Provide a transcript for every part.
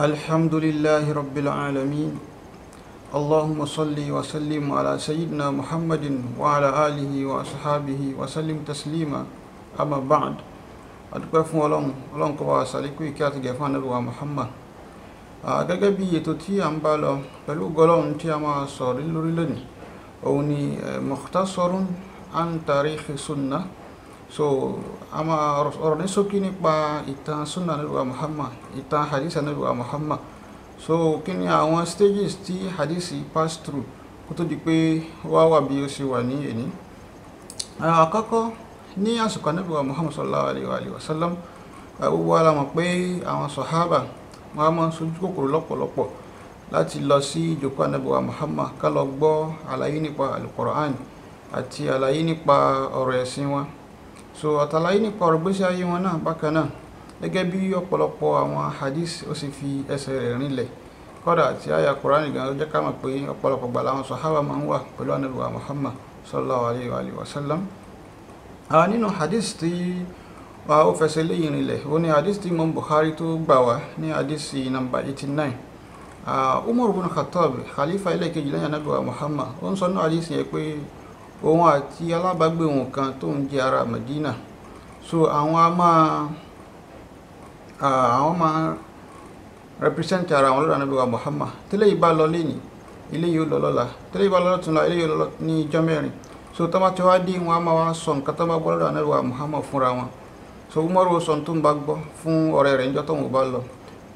الحمد لله رب العالمين اللهم صل وسلم على سيدنا محمد وعلى آله وأصحابه وسلم تسليما أما بعد adúpẹ́ fún ọlọ́run ọlọ́run kó bá wa ṣàlékún ìkẹ́ àti gẹ̀fún anábìwá Muhammad gẹ́gẹ́ bí ètò tí a ń bá lọ pẹ̀lú gọlọ́run tí a máa sọ̀rọ̀ lórí lónìí òun ni eh, mukhtasarun an tarikhi sunnah so ama máa ọ̀rọ̀ ní ṣókí nípa ìtàn sunna nílùú Muhammad ìtàn hadith nílùú Muhammad so kí ni àwọn stages tí hadith pass through kó tó di pé wá wà bí ó ṣe wà ní èní àkọ́kọ́ ní àsìkò nílùú Muhammad sallallahu alayhi wa sallam ah, gbogbo ara mọ̀ pé àwọn sọ̀hábà wọn a máa ń sojú kòkòrò lọ́pọ̀lọpọ̀ láti lọ sí ìjòkó anábọ̀wá Muhammad ká lọ gbọ́ àlàyé nípa alukoran àti àlàyé nípa ọ̀rọ̀ ẹ̀sìn wọn so àtàlàyé nípa ọ̀rọ̀ gbésí ayé wọn náà bákan náà gẹ́gẹ́ bí ọ̀pọ̀lọpọ̀ àwọn hadith ó sì fi ẹsẹ̀ rẹ̀ rinlẹ̀ kódà tí àyà kùránì gan ló jẹ́ ká mọ̀ pé ọ̀pọ̀lọpọ̀ gbà làwọn sàhábà máa ń wà pẹ̀lú ànábìwà Muhammad sallallahu alayhi wa sallam nínú hadith tí ó fẹsẹ̀ léyìn rinlẹ̀ ó ní hadith tí Imam Bukhari tó gbà wá ní hadith nàmbà 89 Umar bin Khattab khalifa ilé kejì lẹ́yìn ànábìwà Muhammad ó ń sọ ní hadith yẹn pé òun àti alábàágbé òun kan tó ń jẹ ara Medina so àwọn a máa àwọn máa represent ara àwọn lọ́dọ̀ anábìwá Muhammad tẹ́lẹ̀ yìí bá lọ lẹ́nìí ilé yìí ó lọ lọ́la tẹ́lẹ̀ yìí bá lọ lọ́tún la ilé yìí ó lọ ní ijọ́ mẹ́rin so tọ́ bá ti wá dé wọn a máa wá sọ nǹkan tó gbọ́ lọ́dọ̀ anábìwá Muhammad fúnra wọn so Umaru sọ tó ń bá gbọ́ fún ọ̀rẹ́ rẹ̀ níjọ́ tó ń bá lọ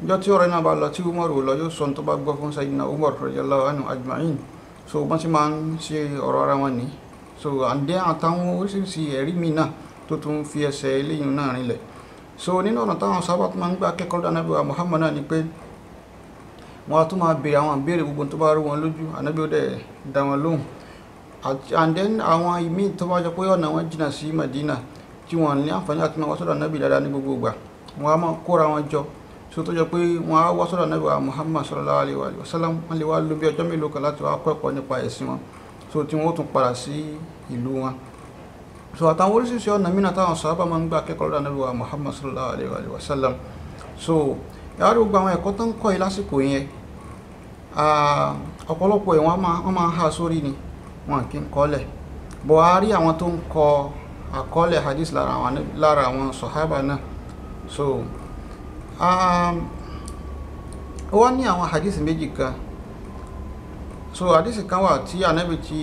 níjọ́ tí ọ̀rẹ́ náà bá lọ tí Umaru lọ yóò sọ tó bá gbọ́ fún Sayyidina Umar radiyallahu anhu ajma'in so wọ́n ti máa ń ṣe ọ̀rọ̀ ara wọn nìyí so àdé àtàwọn si ẹ̀rí mi náà tó tún fi ẹsẹ̀ eléyìí ni le, so ni ọ̀nà táwọn sábà tó máa ń gbà kẹ́kọ̀ọ́ lọ́dọ̀ anábìwá Muhammad náà ni pé wọn a tún máa béèrè àwọn ìbéèrè gbogbo tó bá rú wọn lójú ànábì ó dẹ̀ dá wọn lóhùn and then àwọn ìmíì tó bá jọ pé ọ̀nà wọn jìnnà sí Madina tí wọn ní àǹfààní àti máa wá sọ́dọ̀ ànábì dáadáa ní gbogbo ìgbà wọn a máa kóra so tó jọ pé wọn á wá sọ́dọ̀ wa Muhammad sallallahu alaihi wasallam sallam wọn lè wá lò bí ọjọ́ mélòó kan láti wá kọ́ ẹ̀kọ́ nípa ẹ̀sìn wọn so tí wọ́n tún padà sí ìlú wọn so àtàwọn oríṣiríṣi ọ̀nà mìíràn táwọn sàhábà máa ń gbà kẹ́kọ̀ọ́ lọ́dọ̀ Ànábì wa Muhammad sallallahu alayhi wa sallam so yàrá gbogbo àwọn ẹ̀kọ́ tó ń kọ́ yìí lásìkò yẹn ọ̀pọ̀lọpọ̀ ẹ̀ wọ́n máa ń há sórí ni wọn kì í kọ́lẹ̀ bọ̀ a rí àwọn tó ń kọ àkọọ́lẹ̀ hadith lára àwọn sàhábà náà so wọ́n ní àwọn hadith méjì kan so àdìsí kan wà tí ànábì ti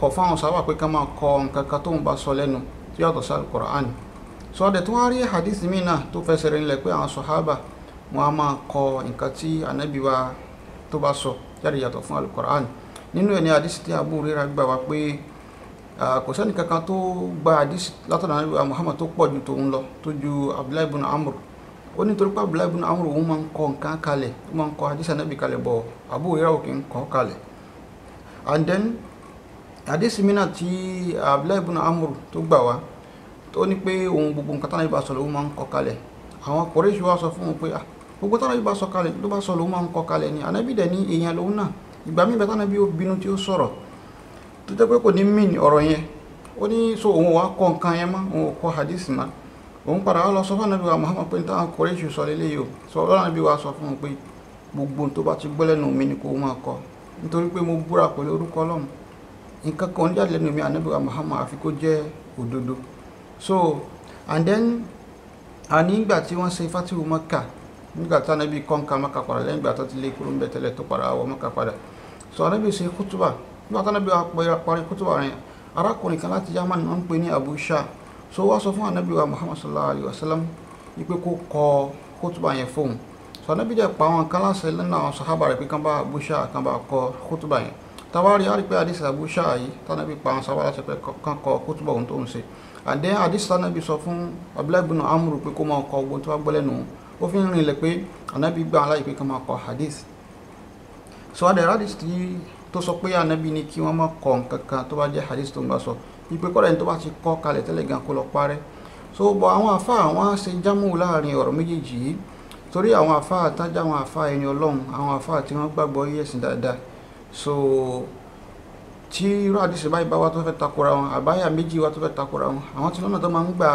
kọ̀ fáwọn sábà pé ká máa kọ nǹkan kan tóun bá sọ lẹ́nu tí yàtọ̀ sí alukur'an so ọ̀dẹ̀ tí wọ́n rí àdìsí míì náà tó fẹsẹ̀ rẹ̀ nílẹ̀ pé àwọn sọ̀hábà wọn a máa kọ nǹkan tí ànábì wa tó bá sọ jáde yàtọ̀ fún alukur'an nínú ẹ̀ ní àdìsí tí Abu Huraira gbà wá pé kò sẹ́ni kankan tó gba àdìsí látọ̀dọ̀ ànábì wa Muhammad tó pọ̀ ju tòun lọ tó ju Abdullahi ibn Amr ó ní torí pé Abdullahi ibn Amr òun máa ń kọ nǹkan kalẹ̀ ó máa ń kọ hadith anabi kalẹ̀ bọ̀ Abu Hurairah òkè ń kọ́ kalẹ̀ and then hadith mìíràn tí Abdullahi ibn Amr tó gbà wá tó ní pé òun gbogbo nǹkan tánà ibà sọ̀rọ̀ òun máa ń kọ kalẹ̀ àwọn Quraysh wa sọ fún un pé ah, gbogbo tánà ibà sọ kalẹ̀ ló bá sọ̀rọ̀ òun máa ń kọ kalẹ̀ ni anabi dẹ̀ ní èèyàn lòun náà ìgbà míì bẹ́ẹ̀ tánà bí ó bínú tí ó sọ̀rọ̀ tó jẹ́ pé kò ní mìn ọ̀rọ̀ yẹn ó ní so òun wàá kọ nǹkan yẹn mọ́ òun kọ hadith náà òun padà wá lọ sọ fún ànábì Muhammad pé táwọn kọrẹ́ṣù sọ lélẹ́ yìí o sọ ọlọ́run bí wa sọ fún un pé gbogbo tó bá ti gbọ́ mi ni kò máa kọ nítorí pé mo búra pẹ̀lú orúkọ ọlọ́run nǹkan kan jáde lẹ́nu mi ànábì Muhammad àfi kó jẹ́ òdodo so and then àní ìgbà tí wọ́n ṣe fatihu maka nígbà tí ànábì kọ́ńkà maka padà lẹ́yìn ìgbà tó ti lé e kúrò ń tẹ́lẹ̀ tó padà wọ maka padà so ànábì ṣe kútùbà nígbà tí ànábì wa parí kútùbà rẹ̀ arákùnrin kan láti Yámánì wọ́n ń pè ní Abu Shah so wá sọ fún anabi muhammad sallallahu alayhi wa sallam ní pé kó kọ kótóbà yẹn fóun so anabi dẹ̀ pa àwọn kan láṣẹ lẹ́nu àwọn sahaba rẹ̀ pé kán bá abúṣà kán bá kọ kótóbà yẹn tabari ari pé hadith abúṣà yìí tanabi pa àwọn sahaba láṣẹ pé kán kọ kótóbà òun tó ń ṣe and then tanabi sọ fún abdullahi ibn amru pé kó máa kọ ogun tó bá gbọ́ lẹ́nu ó fi ń rinlẹ̀ pé anabi gbà aláyè pé kán máa kọ hadith so adẹ̀ hadith tó sọ pé anabi ni kí wọ́n máa kọ nǹkan kan tó bá jẹ́ hadith tó ń gbà sọ ìpè kọ́ra ẹni tó bá ti kọ́ kalẹ̀ tẹ́lẹ̀ gan kó lọ parẹ́ so bọ̀ àwọn àfa àwọn ṣe jámù láàrin ọ̀rọ̀ méjèèjì yìí torí àwọn àfa àtajà àwọn àfa ẹni ọlọ́run àwọn àfa tí wọ́n gbàgbọ́ yẹ̀sìn dáadáa so tí irú àdìsí báyìí bá wá tó fẹ́ takora wọn àbáyà méjì wá tó fẹ́ takora wọn àwọn tí lọ́nà tó máa ń gbà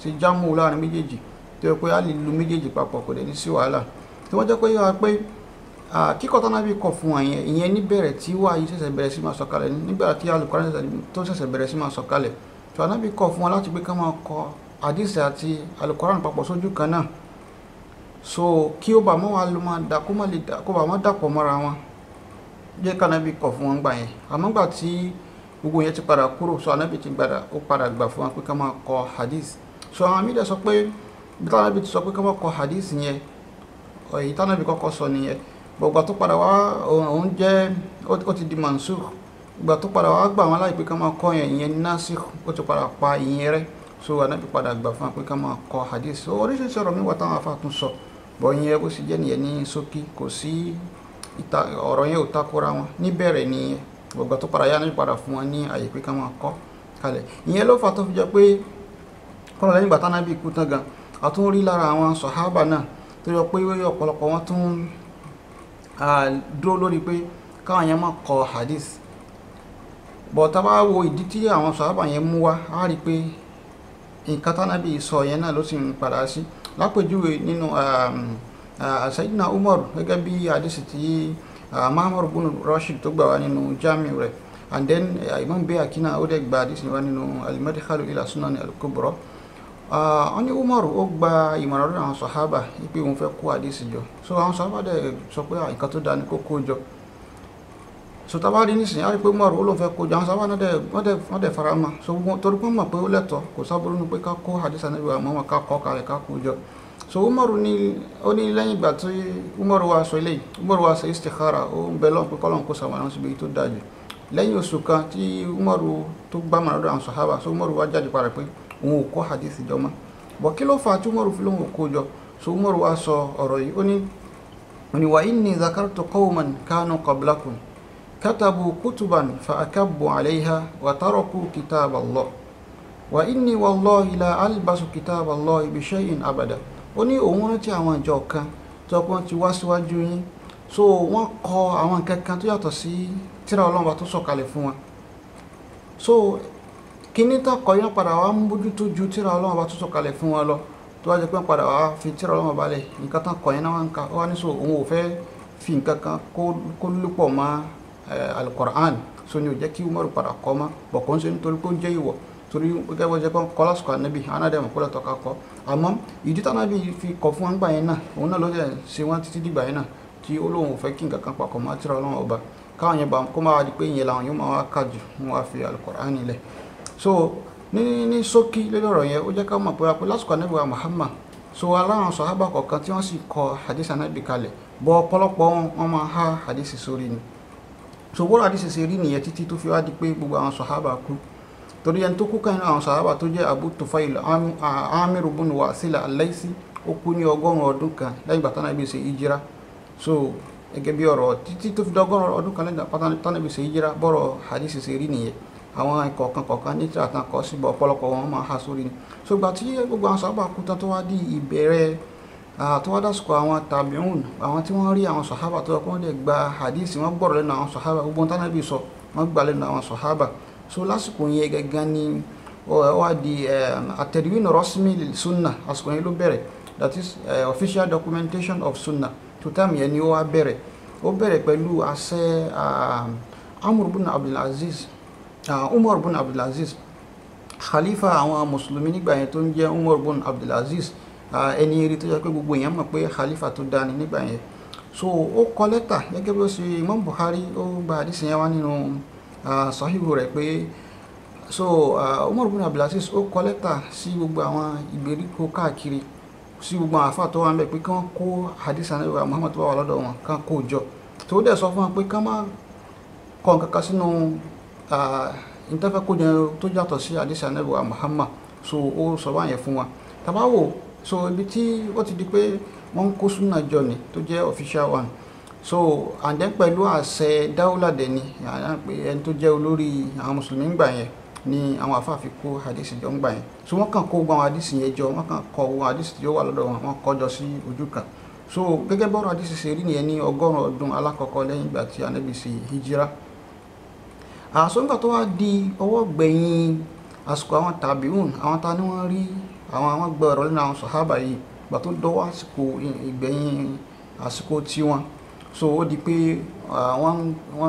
ṣe jámù láàrin méjèèjì tó yẹ pé á lè lu méjèèjì papọ̀ kò dẹ̀ ní sí wàhálà tí wọ́n jẹ́ pé yọ pé kíkọ́ tán náà bí kọ̀ fún àyẹn ìyẹn níbẹ̀rẹ̀ tí wà yìí ṣẹ̀ṣẹ̀ bẹ̀rẹ̀ sí máa sọ̀kalẹ̀ nígbà tí alukóran tó ṣẹ̀ṣẹ̀ bẹ̀rẹ̀ sí máa sọ̀kalẹ̀ tó anábì kọ̀ fún wọn láti gbé ká máa kọ àdìsí àti alukóran papọ̀ sójú kan náà so kí ó bá mọ́ wa ló máa dà kó má lè dà kó bá má dàpọ̀ mọ́ra wọn jẹ́ ká anábì kọ̀ fún wọn gbà yẹn àmọ́ gbà tí gbogbo yẹn ti padà kúrò so anábì ti gbàdà ó padà gbà fún wọn pé ká máa kọ hadith so àwọn amídẹ sọ pé bí táwọn anábì ti sọ pé ká máa kọ hadith yẹn èyí táwọn anábì kọ́kọ́ sọ nìyẹn gbogbo tó padà wá òun jẹ́ ó ti di mansukh gbogbo tó padà wá gbà wọn láì pé ká máa kọ́ yẹn ìyẹn nasikh ó ti padà pa ìyẹn rẹ so anabi padà gbà fún wa pé ká máa kọ́ hadith so oríṣiríṣi ọ̀rọ̀ mi wà táwọn afa tún sọ bọ̀ yẹn bó sì jẹ́ nìyẹn ní ṣókí kò sí ọ̀rọ̀ yẹn ò takora wọn níbẹ̀rẹ̀ nìyẹn gbogbo tó padà yá ní padà fún wọn ní àyè pé ká máa kọ́ kalẹ̀ ìyẹn ló fà tó fi jẹ́ pé kọ́nà lẹ́yìn gbàtà náà bí tán gan àtúnrí lára àwọn sọ̀hábà náà tó yọ pé ọ̀pọ̀lọpọ̀ wọn tún dúró lórí pé káwọn yẹn máa kọ hadith bọ̀ tá a bá wo ìdí tí àwọn sàhábà yẹn mú wá á rí i pé nǹkan tánábì sọ yẹn náà ló sì ń padà sí lápèjúwe nínú um, uh, Sayyidina Umar gẹ́gẹ́ bí hadith tí uh, Muhammad bin Rashid tó gbà wá nínú jamiu rẹ̀ and then uh, Imam Bayhaqi náà ó dẹ̀ gba hadith wá nínú al-Madkhal ila Sunan al wọ́n ní Umar ó gba ìmọ̀ràn lórí àwọn sọ̀hábà wípé òun fẹ́ kó àdísì jọ so àwọn sọ̀hábà dẹ̀ sọ pé nǹkan tó dáa ni kó kó jọ so tábà rí nísìnyí á rí pé Umar ó lóun fẹ́ kó jọ àwọn sọ̀hábà wọ́n dẹ̀ fara mọ́ so torí pé wọ́n mọ̀ pé ó lẹ́tọ̀ọ́ kò sábúrú ni pé ká kó àdísì ànábì wa wọn ká kọ́ kalẹ̀ ká kó jọ so umaru ni, ó ní lẹ́yìn ìgbà tí umaru wa sọ eléyìí Umar wa ṣe istikhara ó ń bẹ lọ́n pé kọ́lọ́n kó sàwọn àwọn síbi tó dáa jù lẹ́yìn oṣù kan tí Umar tó gbàmọ̀ lọ́dọ̀ àwọn sọ̀hábà so Umar wa jáde padà pé òun ò kó hadisi jọ mọ́ bọ̀ kí ló fà tí umaru fi lóun ò kó jọ so umaru wa sọ ọ̀rọ̀ yìí ó ní ni wa inni zakartu qawman kanu qablakum katabu kutuban fa akabbu alayha wa taraku kitab Allah wa inni wallahi la albasu kitab Allah bi shay'in abada ó ní òun rántí àwọn ìjọ kan tó pọ́n ti wá síwájú yín so wọ́n kọ àwọn nǹkan tó yàtọ̀ sí tírà Ọlọ́run tó sọ̀kalẹ̀ fún wọn so kíní tán kọyọ́ padà wá ń bójútó ju tíra ọlọ́run ọba tó sọ̀kalẹ̀ fún wọn lọ tó wá jẹ pé padà wá fi tíra ọlọ́run ọba lẹ̀ nǹkan tán kọyọ́ náà wá ń ka wá ní so òun ò fẹ́ fi nǹkan kan kó lúpọ̀ mọ́ alukoran so ni ò jẹ́ kí umaru padà kọ́ mọ́ bọ̀ kò ń ṣe nítorí pé ó jẹ́ ìwọ̀ torí gẹ́gẹ́ bó ṣe pé kọ́ lásìkò ànábì anádẹ́mọ̀ kó lẹ́tọ̀ ká kọ́ àmọ́ ìdí tánábì fi kọ̀ fún wọn gbà yẹn náà òun náà ló ṣe kan papọ̀ mọ́ tíra ọlọ́run ọba káwọn yẹn bá kó máa di pé ìyẹn làwọn yóò máa wá kájú fi alukoran so ní ní ṣókí lórí ọ̀rọ̀ yẹn ó jẹ́ ká mọ̀ pé apẹ́ lásìkò ànábì wa Muhammad so aláwọn sọ̀hábà kọ̀ọ̀kan tí wọ́n sì kọ hadith ànábì kalẹ̀ bọ́ ọ̀pọ̀lọpọ̀ wọn máa há hadith sórí ni so bọ́ọ̀lù hadith ṣe rí nìyẹn títí tó fi wá di pé gbogbo àwọn sọ̀hábà kú torí ẹni tó kú kan nínú àwọn sọ̀hábà tó jẹ́ Abu Tufail Amir ibn wa sila laysi ó kú ní ọgọ́rùn-ún ọdún kan lẹ́yìn bàtà náà ṣe ìjira so gẹ́gẹ́ bí ọ̀rọ̀ títí tó fi dọ́gọ́rùn-ún ọdún kan lẹ́yìn bàtà náà bí ṣe ìjira bọ́ọ̀rọ̀ hadith ṣe rí nìyẹn àwọn ìkọ̀ọ̀kan kọ̀ọ̀kan ní tíra tán síbọ̀ ọ̀pọ̀lọpọ̀ wọn máa ha sórí ni ṣùgbà tí gbogbo àwọn sàhábà kú tán tó wá di ìbẹ̀rẹ̀ tó wá dásìkò àwọn tàbíùn àwọn tí wọ́n rí àwọn sàhábà tó yẹ kó wọ́n lè gba hadith wọ́n gbọ́rọ̀ lẹ́nu àwọn sàhábà gbogbo tánàbì sọ wọ́n gbà lẹ́nu àwọn sàhábà so lásìkò yẹn gẹ́gẹ́ ni wá di atẹ̀díwìn rọ́símì sunna àsìkò yẹn ló bẹ̀rẹ̀ that is uh, official documentation of sunna tó tàmì yẹn ni ó wá bẹ̀rẹ̀ ó bẹ̀rẹ̀ pẹ̀lú àṣẹ Amr ibn Abdul Aziz Uh, umar bin abdulaziz khalifa àwọn mùsùlùmí nígbà yẹn tó ń jẹ́ umar bin abdulaziz uh, ẹni eré tó jẹ́ pé gbogbo èèyàn mọ̀ pé khalifa tó dání nígbà yẹn so ó kọ lẹ́tà gẹ́gẹ́ bí ó ṣe imam buhari ó gba àdísì yẹn wá nínú uh, sahibu rẹ̀ pé so umar bin abdulaziz ó kọ lẹ́tà sí gbogbo àwọn ìgbèríko káàkiri sí gbogbo àwọn àfáà tó wà ń bẹ̀ pé kán kó àdísì ànábì wa muhammad tó wà lọ́dọ̀ wọn kán kó jọ tó dẹ̀ sọ fún wọn pé kán má kọ nǹkan kan sínú n tẹ́fẹ́ kó jẹun tó yàtọ̀ sí àdìsí wa Muhammad so ó sọ báyẹn fún wa tàbá wò so ibi tí ó ti di pé wọ́n ń kó súnà ni tó jẹ́ official one so àǹdẹ́ pẹ̀lú àṣẹ dáúlàdẹ ni ẹni tó jẹ́ olórí àwọn mùsùlùmí ń gbà yẹn ni àwọn àfáà fi kó àdìsí jọ ń gbà so wọ́n kàn kó gbọ́n àwọn àdìsí yẹn jọ wọ́n kàn kọ àwọn àdìsí tí ó wà lọ́dọ̀ wọn wọ́n kọ́ jọ kan so gẹ́gẹ́ bọ́rọ̀ àdìsí ṣe rí nìyẹn ní ọgọ́rùn-ún ọdún alákọ̀ọ́kọ́ lẹ́yìn ìgbà tí ànábì ṣe hijira àsọ̀ǹgbà tó wá di ọwọ́ gbẹ̀yìn àsìkò àwọn tàbíùn àwọn ta ni wọ́n rí àwọn àwọn gbọ́ ọ̀rọ̀ lẹ́nu àwọn sàhábà yìí gbà tó dọwọ́ àsìkò ìgbẹ̀yìn àsìkò tiwọn so ó di pé wọ́n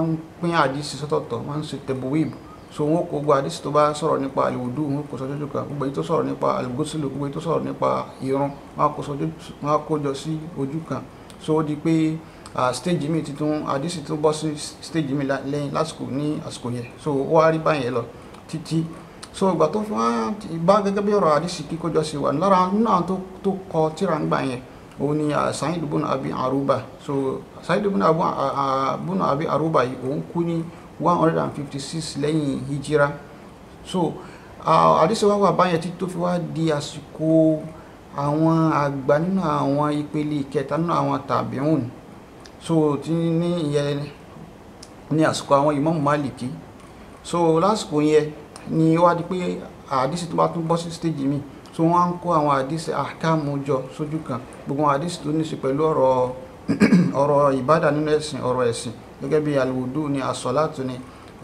ń pín àdìsí sọ́tọ̀ọ̀tọ̀ wọ́n ń ṣe tẹ̀bùwíìbù so wọn kò gba àdìsí tó bá sọ̀rọ̀ nípa àlùwùdú wọn kò sọ́jọ́ kan gbogbo èyí tó sọ̀rọ̀ nípa àlùgọ́sílò gbogbo èyí tó sọ̀rọ̀ nípa ìran wọn kò jọ sí ojú kan so ó di pé stage mi ti tún àdìsí tún bọ́ sí stage mi lẹ́yìn lásìkò ní àsìkò yẹn so ó wá rí báyẹn lọ títí so ìgbà tó fi wọ́n bá gẹ́gẹ́ bí ọ̀rọ̀ àdìsí kíkójọ sí wà lára nínú àwọn tó kọ tíra ń gbà òun ni Sa'id ibn Abi Aruba so Sa'id ibn Abi Aruba yìí òun kú ní one hundred and fifty six lẹ́yìn hijira so àdìsí wa wà báyẹn títí tó fi wá di àsìkò àwọn àgbà nínú àwọn ìpele ìkẹta nínú àwọn tàbíùn so ti ní ìyẹn ní àsìkò àwọn Imam Maliki so lásìkò yẹn ni ó wá di pé àdìsí tó bá tún bọ́ sí stage mi so wọ́n á ń kó àwọn àdìsí àkàmú jọ sójú kan gbogbo àwọn àdìsí tó ní ṣe pẹ̀lú ọ̀rọ̀ ọ̀rọ̀ ìbádà nínú ẹ̀sìn ọ̀rọ̀ ẹ̀sìn gẹ́gẹ́ bí alwudu ni asọ́látù ni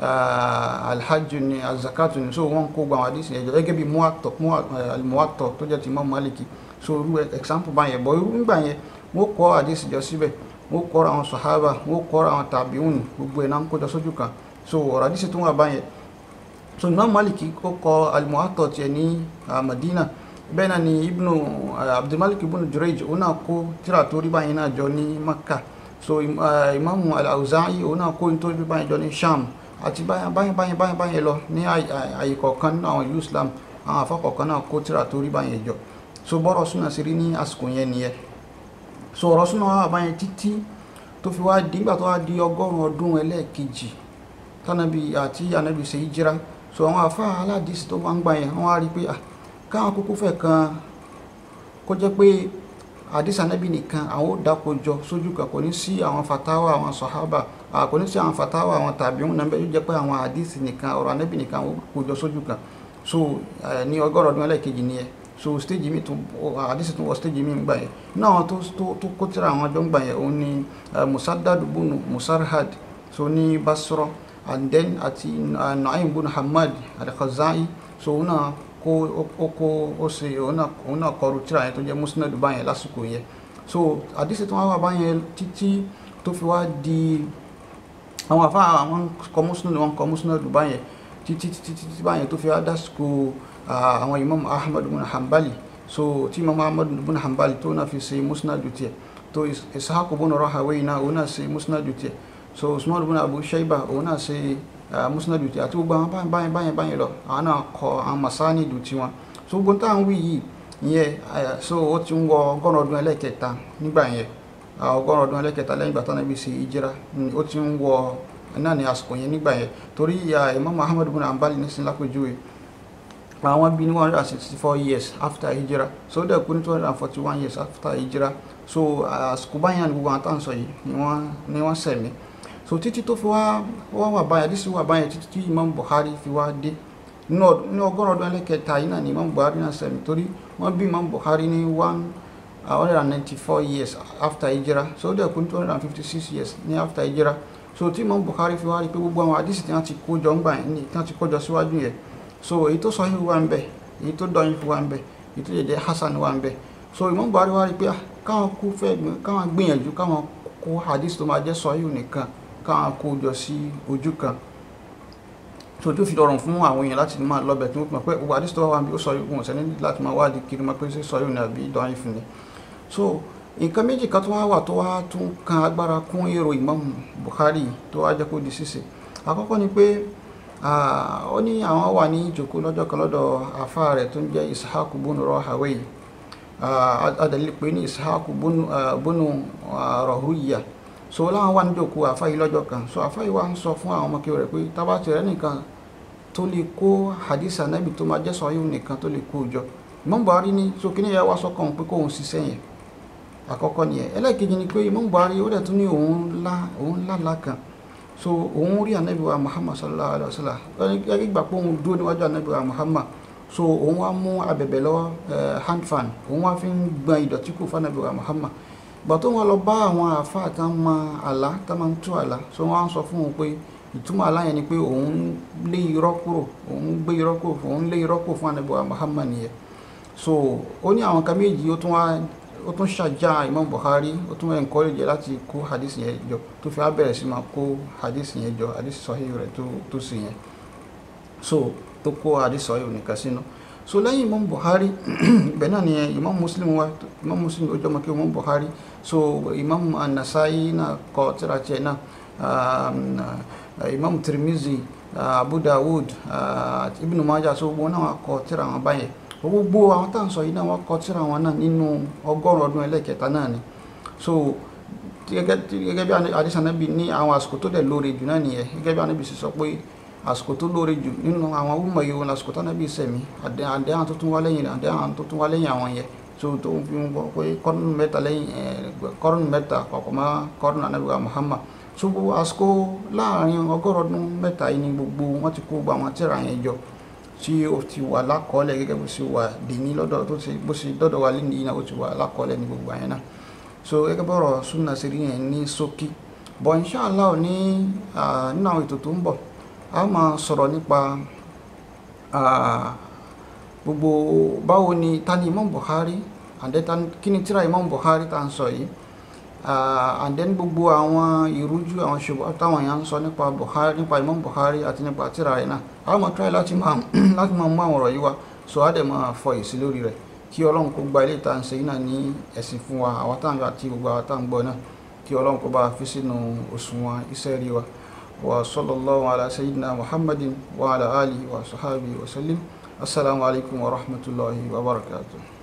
ah, alhajju ni azakatu ni so wọ́n ń kó gbogbo àwọn àdìsí ẹ̀jọ̀ gẹ́gẹ́ bí muwatọ̀ tó jẹ́ ti Imam Maliki so irú example báyẹn bọ̀ irú nígbà yẹn wọ́n kọ́ àdìsí jọ síbẹ̀ wọ́n kọ́ra àwọn sahaba wọ́n kọ́ra àwọn tàbíùn gbogbo ẹ̀ náà ń kójọ sójú kan so ọ̀rọ̀ àdìsí tó wà báyẹn so Imam Malik ó kọ al-Muwatta ni, ní Madina bẹ́ẹ̀ náà ni ibnu Abdulmalik ibnu Jurayj òun náà kó tíra tó rí báyìí náà jọ ní Makkah so Imam al-Awza'i òun náà kó nítorí rí báyìí jọ ní Sham àti báyìí báyìí báyìí báyìí lọ ní àyè kọ̀ọ̀kan nínú àwọn ìlú Islam àwọn àfọkọ̀ọ̀kan náà kó tíra tó rí báyìí jọ so bọ́rọ̀ súnà sí rí ní àsìkò yẹn so ọ̀rọ̀ súnà wà báyẹn títí tó fi wá di nígbà tó wá di ọgọ́rùn ọdún ẹlẹ́ẹ̀kejì tánàbí àti ànábì ṣe hijira so àwọn àfa aládìsí tó máa ń gbà yẹn wọ́n á rí pé káwọn kúkú fẹ̀ kan kó jẹ́ pé àdìsí ànábì nìkan àwọn ò dáko jọ sójú kan kò ní sí àwọn fatawa àwọn sahaba kò ní sí àwọn fatawa àwọn tàbíùn náà bẹ́ẹ̀ yóò jẹ́ pé àwọn àdìsí nìkan ọ̀rọ̀ ànábì nìkan kò jọ sójú kan so ní ọgọ́rùn ọdún ẹlẹ́ẹ̀kejì nìyẹn so stage mi tó àdìsí tó wọ stage mi ń gbà yẹn náà tó tó kó tírà àwọn àjọ ń gbà yẹn òun ni eh, musaddad bunu musarhad so ní basra and then àti eh, naim bunu hamad al-khazai so òun náà kó ó kó ó ṣe òun náà kọrù tírà yẹn tó jẹ́ musnad báyẹn lásìkò yẹn so àdìsí tó wá báyẹn títí tó fi wá di àwọn àfa àwọn kọ musnad wọn kọ musnad báyẹn títí títí títí báyẹn tó fi wá dásìkò àwọn imam ahmad bin hanbali so tí imam ahmad bin hanbali tó náà fi ṣe musnadu tiẹ̀ tó ishaq bin rahawayh náà òun náà ṣe musnadu tiẹ̀ so usman bin abu shaiba òun náà ṣe musnadu tiẹ̀ àti gbogbo àwọn báyẹn báyẹn báyẹn báyẹn lọ àwọn náà kọ àwọn masanidu tiwọn so gbogbo táwọn wí yìí ìyẹn so ó ti ń wọ ọgọ́rùn ọdún ẹlẹ́kẹta nígbà yẹn ọgọ́rùn ọdún ẹlẹ́kẹta lẹ́yìn ìgbà tánàbí ṣe ìjìra ó ti ń wọ náà ní àsìkò yẹn nígbà yẹn torí Imam Muhammad bin Hanbal nísìnyí lápèjúwe àwọn bí ní one hundred and sixty four years after hijra so dẹ̀ kú ní two hundred and forty one years after hijra so àsìkò báyìí ni gbogbo àwọn tá à ń sọ yìí ni wọ́n sẹ̀mí so títí tó fi wá wá wà báyìí àdísí wà báyìí títí tí Imam Buhari fi wá dé ní ọgọ́rùn ọdún ẹlẹ́kẹta yìí náà ni Imam Buhari náà sẹ̀mí torí wọ́n bí Imam Buhari ní one hundred and ninety four years after hijra so dẹ̀ kú ní two hundred and fifty six years ní after hijra so tí Imam Bukhari fi wá rí pé gbogbo àwọn àdìsí tí wọ́n ti kó jọ ń gbà ní tí ti kó jọ síwájú yẹn so èyí tó sahih wà ń bẹ èyí tó dọ̀yìn fi wà ń bẹ èyí tó hasan wà ń so Imam Bukhari wá rí pé ah, káwọn kú fẹ́ káwọn gbìyànjú káwọn kó àdìsí tó máa jẹ́ sahih nìkan káwọn kó jọ sí ojú kan so tó fi rọrùn fún àwọn èèyàn láti máa lọ́bẹ̀ tó mọ̀ pé gbogbo àdìsí tó wà wà ń bí ó sahih wọn sẹ́ni láti máa wá di kiri mọ́ pé ṣé sahih ni àbí dọ̀yìn fún ni so nǹkan méjì kan tó wá wà tó wá tún kan agbára kún èrò Imam Bukhari tó wá jẹ́ kó di ṣíṣe àkọ́kọ́ ni pé ó ní àwọn wà ní ìjòkó lọ́jọ́ kan lọ́dọ̀ àfa rẹ̀ tó ń jẹ́ Ishaq bunu Rahawayh adàlẹ́ pé ní Ishaq bunu Rahuya so láwọn wà ní ìjòkó àfa yìí lọ́jọ́ kan so àfa yìí wá ń sọ fún àwọn ọmọ kí rẹ̀ pé tábà ti rẹ̀ nìkan tó lè kó hadith anabi tó máa jẹ́ sọ́yún nìkan tó lè kó jọ Imam Bukhari ní so kí ni ẹ wá sọ́kàn pé àkọ́kọ́ nìyẹn ẹlẹ́ẹ̀kejì ni pé Imam Buhari ó dẹ̀ tún ní òun ńlá òun ńlá ńlá kan so òun rí anabi wa Muhammad sallallahu alayhi wa sallam ẹni gbà pé òun dúró níwájú anabi wa Muhammad so òun wá mú abẹ̀bẹ̀ lọ́wọ́ eh, hand fan òun wá fi ń gbọn ìdọ̀tí kù fún anabi wa Muhammad gbà tó wọn lọ bá àwọn àfa àtàn mọ àlá tá máa ń tú àlá so wọn sọ fún òun pé ìtumọ̀ àlá yẹn ni pé òun lé irọ́ kúrò òun gbé irọ́ kúrò òun lé irọ́ kúrò fún anabi wa Muhammad nìyẹn so ó ní àwọn kan méjì ó tún wá ó tún ṣàjà Imam Bukhari ó tún encourage láti kó hadith yẹn jọ tó fi á sí máa kó hadith yẹn jọ hadith sahih rẹ̀ tó tó sì yẹn so tó kó hadith sahih nìkan sínú so lẹ́yìn Imam Bukhari ibẹ̀ náà nìyẹn Imam Muslim wa Imam Muslim ojú ọmọ kí Imam Bukhari so Imam Anasai nasai náà kọ tírà náà um, Imam Tirmizi Abu Dawud uh, ibnu Majah so wọn náà kọ tírà wọn báyẹn gbogbo àwọn tá à ń sọ yìí náà wọ́n kọ tírà wọn náà nínú ọgọ́rùn ọdún ẹlẹ́kẹta náà ni so gẹ́gẹ́ bí adésànábì ní àwọn àsìkò tó dẹ̀ lóore jù náà nìyẹn gẹ́gẹ́ bí anábì sì sọ pé àsìkò tó lóore jù nínú àwọn ọmọ yìí wọn àsìkò tánábì sẹ̀mí àdéhàn tó tún wá lẹ́yìn àdéhàn tó tún wá lẹ́yìn àwọn yẹn so tó ń fi ń bọ pé kọ́rùn mẹ́ta lẹ́yìn kọ́rùn mẹ́ta kọ̀ọ̀kan mọ́ kọ́rùn anábì wa Muhammad so gbogbo àsìkò láàrin ọgọ́rùn ọdún mẹ́ta yìí ni gbogbo wọn ti kó gbogbo àwọn tírà yẹn jọ tí ó ti wà lákọọ́lẹ̀ gẹ́gẹ́ bó ṣe wà dèní lọ́dọ̀ tó ṣe bó ṣe dọ́dọ̀ wà lẹ́nu yìí náà ó ti wà lákọọ́lẹ̀ ní gbogbo àyẹn náà so gẹ́gẹ́ bọ́rọ̀ súnà ṣe rí yẹn ní ṣókí bọ̀ inṣàlá ò ní nínú àwọn ètò tó ń bọ̀ a máa sọ̀rọ̀ nípa gbogbo báwo ni tani Imam Bukhari àdẹ́ta kí ni tíra Imam Bukhari tá à ń sọ yìí Ah, and then gbogbo àwọn ìrújú àwọn ṣubú táwọn èèyàn ń sọ nípa Buhari nípa Imam Buhari àti nípa tírà rẹ̀ náà àwọn máa try láti máa láti máa mú àwọn ọ̀rọ̀ yìí wá so á dẹ̀ máa fọ èsì lórí rẹ̀ kí ọlọ́run kó gba ilé ìta ń ṣe yìí náà ní ẹ̀sìn fún wa àwa táwọn àti gbogbo àwa táwọn gbọ́ náà kí ọlọ́run kó bá fi sínú òṣùwọ̀n iṣẹ́ rí wa wa sallallahu wa